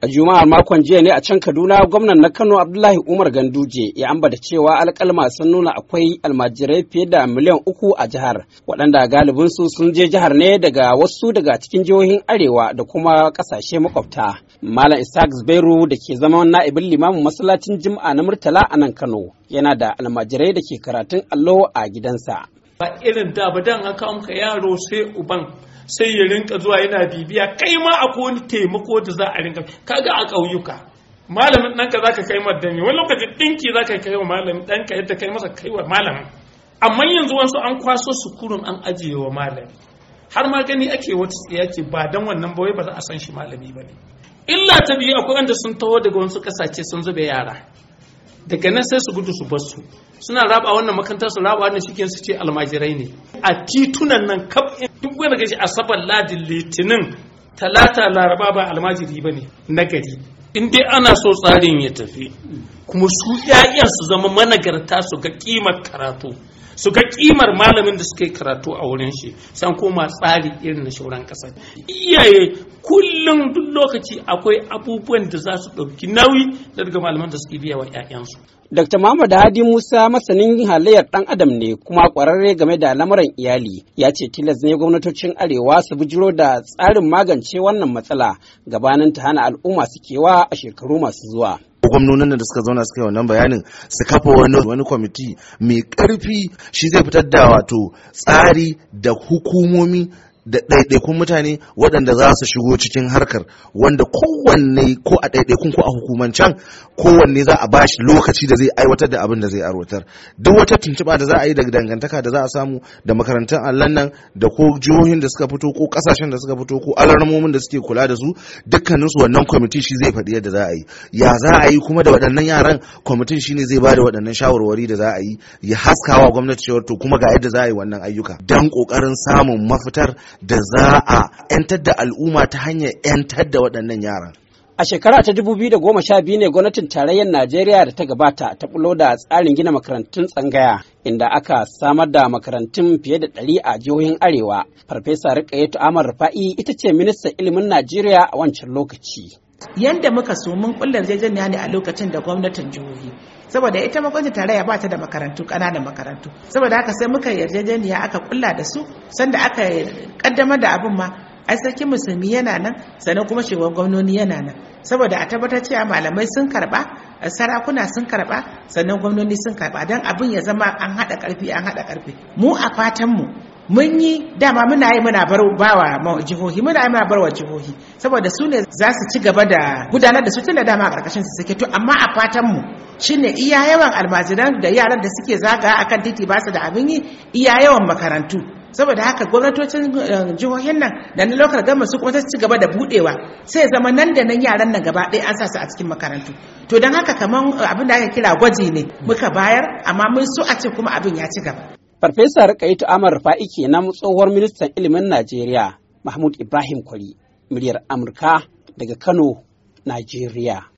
A Juma'ar makon jiya ne a can Kaduna gwamnan na Kano Abdullahi Umar Ganduje ya ambata cewa alƙalma sun nuna akwai almajirai fiye da miliyan uku a jihar waɗanda galibinsu sun je jihar ne daga wasu daga cikin jihohin Arewa da kuma ƙasashe makwabta. Malam Isaac Zubairu da ke zama na'ibin limamin masallacin Juma'a na Murtala a nan Kano yana da almajirai da ke karatun allo a gidansa. Ba irin da ba dan haka yaro sai uban sai ya rinka zuwa yana bibiya kai ma akwai wani taimako da za a rinka kaga a ƙauyuka malamin ɗanka za ka kai ma dani wani lokaci ɗinki za ka kai wa malamin ɗanka yadda kai masa kai wa malamin amma yanzu wasu an kwaso su kurun an ajiye wa malami har ma gani ake wata tsaye ce ba dan wannan ba wai ba za a san shi malami ba ne illa ta biyu akwai wanda sun taho daga wasu ƙasashe sun zube yara daga nan sai su gudu su bar su suna raba wannan makarantar su raba wannan shikin su ce almajirai ne a titunan nan kaf duk wanda gaji asabar ladin litinin talata laraba ba almajiri ba ne na gari in dai ana so tsarin ya tafi kuma su yayan su zama managarta su ga kimar karatu su ga kimar malamin da suka yi karatu a wurin shi san koma tsari irin na shauran kasar. iyaye kullum duk lokaci akwai abubuwan da za su ɗauki nauyi da daga malaman da suke biya wa 'ya'yansu. Dr. Muhammad Hadi Musa masanin halayyar ɗan adam ne kuma ƙwararre game da lamuran iyali ya ce tilas ne gwamnatocin Arewa su bijiro da tsarin magance wannan matsala gabanin ta hana al'umma su kewa a shekaru masu zuwa. gwamnonin da suka zauna suka yi wannan bayanin su kafa wani kwamiti mai karfi shi zai fitar da wato tsari da hukumomi da ɗaiɗaikun mutane waɗanda za su shigo cikin harkar wanda kowanne ko a ɗaiɗaikun ko a hukumancen kowanne za a ba shi lokaci da zai aiwatar da abin da zai aiwatar duk wata tuntuɓa da za a yi daga dangantaka da za a samu da makarantun allan nan da ko jihohin da suka fito ko ƙasashen da suka fito ko alarmomin da suke kula da su dukkaninsu wannan kwamiti shi zai faɗi yadda za a yi ya za a yi kuma da waɗannan yaran kwamitin shi ne zai ba da waɗannan shawarwari da za a yi ya haskawa gwamnati cewar to kuma ga yadda za a yi wannan ayyuka don ƙoƙarin samun mafitar da za a 'yantar da al'umma ta hanyar 'yantar da waɗannan yaran. A shekara ta dubu biyu da goma sha biyu ne gwamnatin tarayyar Najeriya da ta gabata ta bulo da tsarin gina makarantun tsangaya inda aka samar da makarantun fiye da ɗari a jihohin Arewa. Farfesa Rikayetu Amar Rufa'i ita ce ministan ilimin Najeriya a wancan lokaci. yanda muka so mun kullar jejeniya ne a lokacin da gwamnatin jihohi saboda ita magwajin tarayya ba ta da makarantu ƙananan makarantu saboda haka sai muka yarjejeniya aka kulla da su sanda aka kaddamar da abin ma ai sarkin musulmi yana nan sannan kuma shugaban gwamnoni yana nan saboda a tabbatar cewa malamai sun karba sarakuna sun karba sannan gwamnoni sun karba don abin ya zama an haɗa ƙarfi an haɗa ƙarfi mu a fatan mu mun yi dama muna yi muna bar bawa jihohi muna yi muna bar wa jihohi saboda su ne za su ci gaba da gudanar da su tun da dama a ƙarƙashin su suke to amma a fatan mu shine iya yawan almajiran da yaran da suke zaga akan titi ba su da abin yi iya yawan makarantu saboda haka gwamnatocin eh, jihohin nan da na lokacin gama su kuma ci gaba da budewa sai zama nan da nan yaran nan gaba ɗaya an sa su a cikin makarantu to don haka kamar abin da aka kira gwaji ne muka bayar amma mun so a ce kuma abin ya ci gaba Farfesar Kaitu Amar ike na tsohuwar ministan ilimin Najeriya Mahmud Ibrahim Kwari, miliyar Amurka daga Kano, Najeriya.